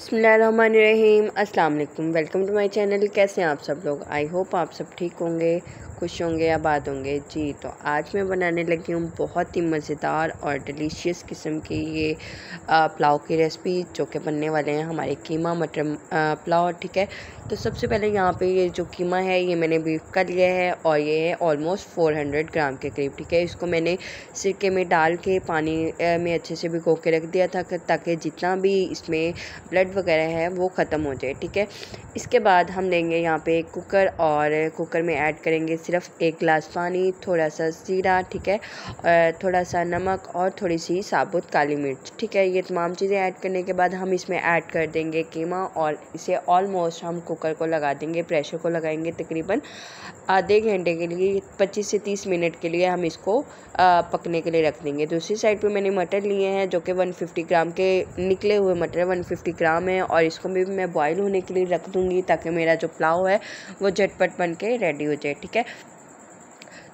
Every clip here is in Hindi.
बसमीम् असल वेलकम टू माय चैनल कैसे हैं आप सब लोग आई होप आप सब ठीक होंगे खुश होंगे या बात होंगे जी तो आज मैं बनाने लगी हूँ बहुत ही मज़ेदार और डिलीशियस किस्म की ये पुलाव की रेसिपी जो कि बनने वाले हैं हमारे कीमा मटर पुलाव ठीक है तो सबसे पहले यहाँ पे ये जो कीमा है ये मैंने बीफ का लिया है और ये है ऑलमोस्ट फ़ोर हंड्रेड ग्राम के करीब ठीक है इसको मैंने सिरके में डाल के पानी में अच्छे से भिगो के रख दिया था ताकि जितना भी इसमें ब्लड वगैरह है वो ख़त्म हो जाए ठीक है इसके बाद हम लेंगे यहाँ पे कुकर और कुकर में ऐड करेंगे सिर्फ एक गिलास पानी थोड़ा सा ज़ीरा ठीक है और थोड़ा सा नमक और थोड़ी सी साबुत काली मिर्च ठीक है ये तमाम चीज़ें ऐड करने के बाद हम इसमें ऐड कर देंगे कीमा और इसे ऑलमोस्ट हम कुकर को लगा देंगे प्रेशर को लगाएंगे तकरीबन आधे घंटे के लिए 25 से 30 मिनट के लिए हम इसको पकने के लिए रख देंगे दूसरी तो साइड पे मैंने मटर लिए हैं जो कि 150 ग्राम के निकले हुए मटर 150 ग्राम है और इसको भी मैं बॉयल होने के लिए रख दूँगी ताकि मेरा जो पुलाव है वो झटपट बन के रेडी हो जाए ठीक है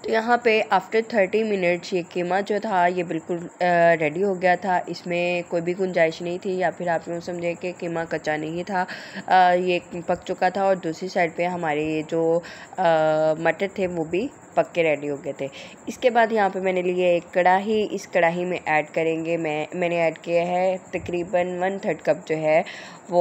तो यहाँ पे आफ्टर थर्टी मिनट्स ये कीमा जो था ये बिल्कुल रेडी हो गया था इसमें कोई भी गुंजाइश नहीं थी या फिर आप लोग समझे कि कीमा कच्चा नहीं था आ, ये पक चुका था और दूसरी साइड पे हमारे ये जो मटर थे वो भी पक के रेडी हो गए थे इसके बाद यहाँ पे मैंने लिए एक कढ़ाही इस कढ़ाही में ऐड करेंगे मैं मैंने ऐड किया है तकरीबन वन थर्ड कप जो है वो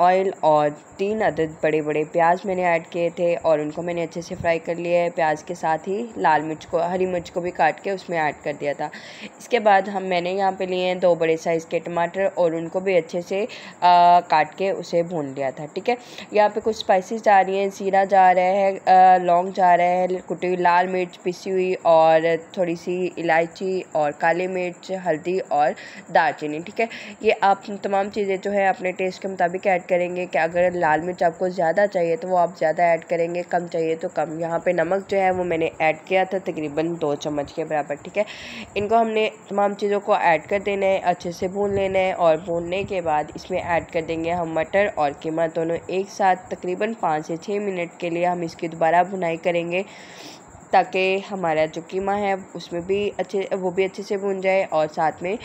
ऑयल और तीन अदद बड़े बड़े प्याज मैंने ऐड किए थे और उनको मैंने अच्छे से फ्राई कर लिया है प्याज के साथ ही लाल मिर्च को हरी मिर्च को भी काट के उसमें ऐड कर दिया था इसके बाद हम मैंने यहाँ पर लिए हैं दो बड़े साइज़ के टमाटर और उनको भी अच्छे से आ, काट के उसे भून लिया था ठीक है यहाँ पर कुछ स्पाइसिस जा रही हैं सीरा जा रहा है लौंग जा रहा है कुटी हुई लाल मिर्च पिसी हुई और थोड़ी सी इलायची और काली मिर्च हल्दी और दालचीनी ठीक है ये आप तमाम चीज़ें जो है अपने टेस्ट के मुताबिक ऐड करेंगे कि अगर लाल मिर्च आपको ज़्यादा चाहिए तो वो आप ज़्यादा ऐड करेंगे कम चाहिए तो कम यहाँ पे नमक जो है वो मैंने ऐड किया था तकरीबन दो चम्मच के बराबर ठीक है इनको हमने तमाम चीज़ों को ऐड कर देना है अच्छे से भून लेना है और भूनने के बाद इसमें ऐड कर देंगे हम मटर और कीमा दोनों एक साथ तकरीबन पाँच से छः मिनट के लिए हम इसकी दोबारा भुनाई करेंगे ताकि हमारा जो कीमा है उसमें भी अच्छे वो भी अच्छे से भुन जाए और साथ में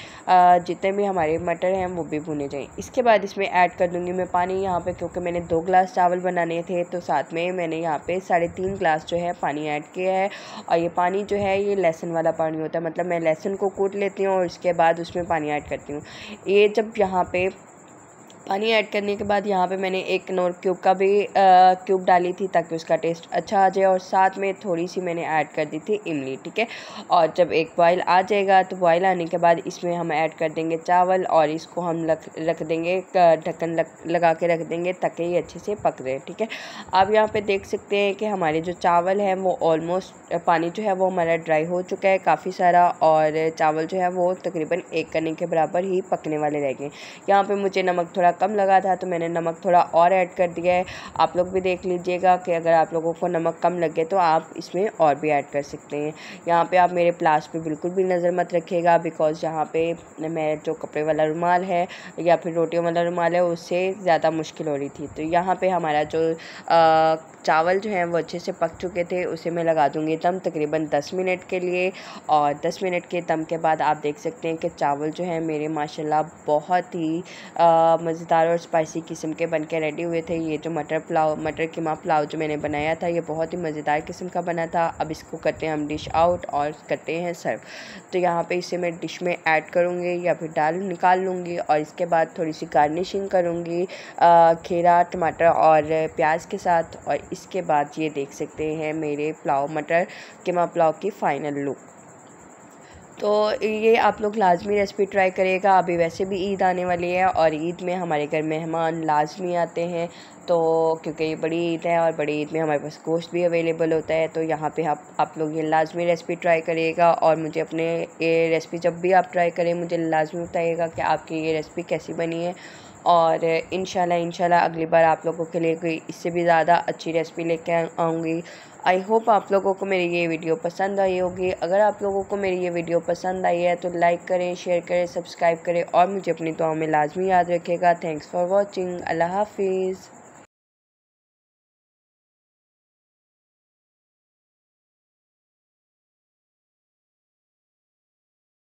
जितने भी हमारे मटर हैं वो भी भुने जाएँ इसके बाद इसमें ऐड कर दूँगी मैं पानी यहाँ पर क्योंकि मैंने दो ग्लास चावल बनाने थे तो साथ में मैंने यहाँ पर साढ़े तीन ग्लास जो है पानी ऐड किया है और ये पानी जो है ये लहसुन वाला पानी होता है मतलब मैं लहसुन को कूट लेती हूँ और इसके बाद उसमें पानी ऐड करती हूँ ये जब यहाँ पर पानी ऐड करने के बाद यहाँ पे मैंने एक नोर क्यूब का भी क्यूब डाली थी ताकि उसका टेस्ट अच्छा आ जाए और साथ में थोड़ी सी मैंने ऐड कर दी थी इमली ठीक है और जब एक बॉयल आ जाएगा तो बॉयल आने के बाद इसमें हम ऐड कर देंगे चावल और इसको हम रख रख देंगे ढक्कन लग, लगा के रख देंगे ताकि ये अच्छे से पक रहे ठीक है आप यहाँ पर देख सकते हैं कि हमारे जो चावल हैं वो ऑलमोस्ट पानी जो है वो हमारा ड्राई हो चुका है काफ़ी सारा और चावल जो है वो तकरीबन एक करने के बराबर ही पकने वाले रह गए यहाँ पर मुझे नमक थोड़ा कम लगा था तो मैंने नमक थोड़ा और ऐड कर दिया है आप लोग भी देख लीजिएगा कि अगर आप लोगों को नमक कम लगे तो आप इसमें और भी ऐड कर सकते हैं यहाँ पे आप मेरे प्लास पे बिल्कुल भी नज़र मत रखिएगा बिकॉज़ यहाँ पे मैं जो कपड़े वाला रुमाल है या फिर रोटियों वाला रुमाल है उससे ज़्यादा मुश्किल हो रही थी तो यहाँ पर हमारा जो आ, चावल जो हैं वो अच्छे से पक चुके थे उसे मैं लगा दूँगी दम तकरीबन दस मिनट के लिए और दस मिनट के दम के बाद आप देख सकते हैं कि चावल जो है मेरे माशाल्लाह बहुत ही मज़ेदार और स्पाइसी किस्म के बन के रेडी हुए थे ये जो मटर पुलाव मटर कीमा पुलाव जो मैंने बनाया था ये बहुत ही मज़ेदार किस्म का बना था अब इसको करते हैं हम डिश आउट और करते हैं सर्व तो यहाँ पे इसे मैं डिश में ऐड करूँगी या फिर डाल निकाल लूँगी और इसके बाद थोड़ी सी गार्निशिंग करूँगी खीरा टमाटर और प्याज के साथ और इसके बाद ये देख सकते हैं मेरे पुलाव मटर कीमा पुलाव की फ़ाइनल लुक तो ये आप लोग लाजमी रेसिपी ट्राई करिएगा अभी वैसे भी ईद आने वाली है और ईद में हमारे घर मेहमान लाजमी आते हैं तो क्योंकि ये बड़ी ईद है और बड़ी ईद में हमारे पास गोश्त भी अवेलेबल होता है तो यहाँ पे आप आप लोग ये लाजमी रेसिपी ट्राई करिएगा और मुझे अपने ये रेसिपी जब भी आप ट्राई करें मुझे लाजमी बताइएगा कि आपकी ये रेसिपी कैसी बनी है और इन शाला अगली बार आप लोगों के लिए कोई इससे भी ज़्यादा अच्छी रेसिपी लेके आऊँगी आई होप आप लोगों को मेरी ये वीडियो पसंद आई होगी अगर आप लोगों को मेरी ये वीडियो पसंद आई है तो लाइक करें शेयर करें सब्सक्राइब करें और मुझे अपनी दुआओं में लाजमी याद रखेगा थैंक्स फॉर वॉचिंग अल्लाह हाफिज़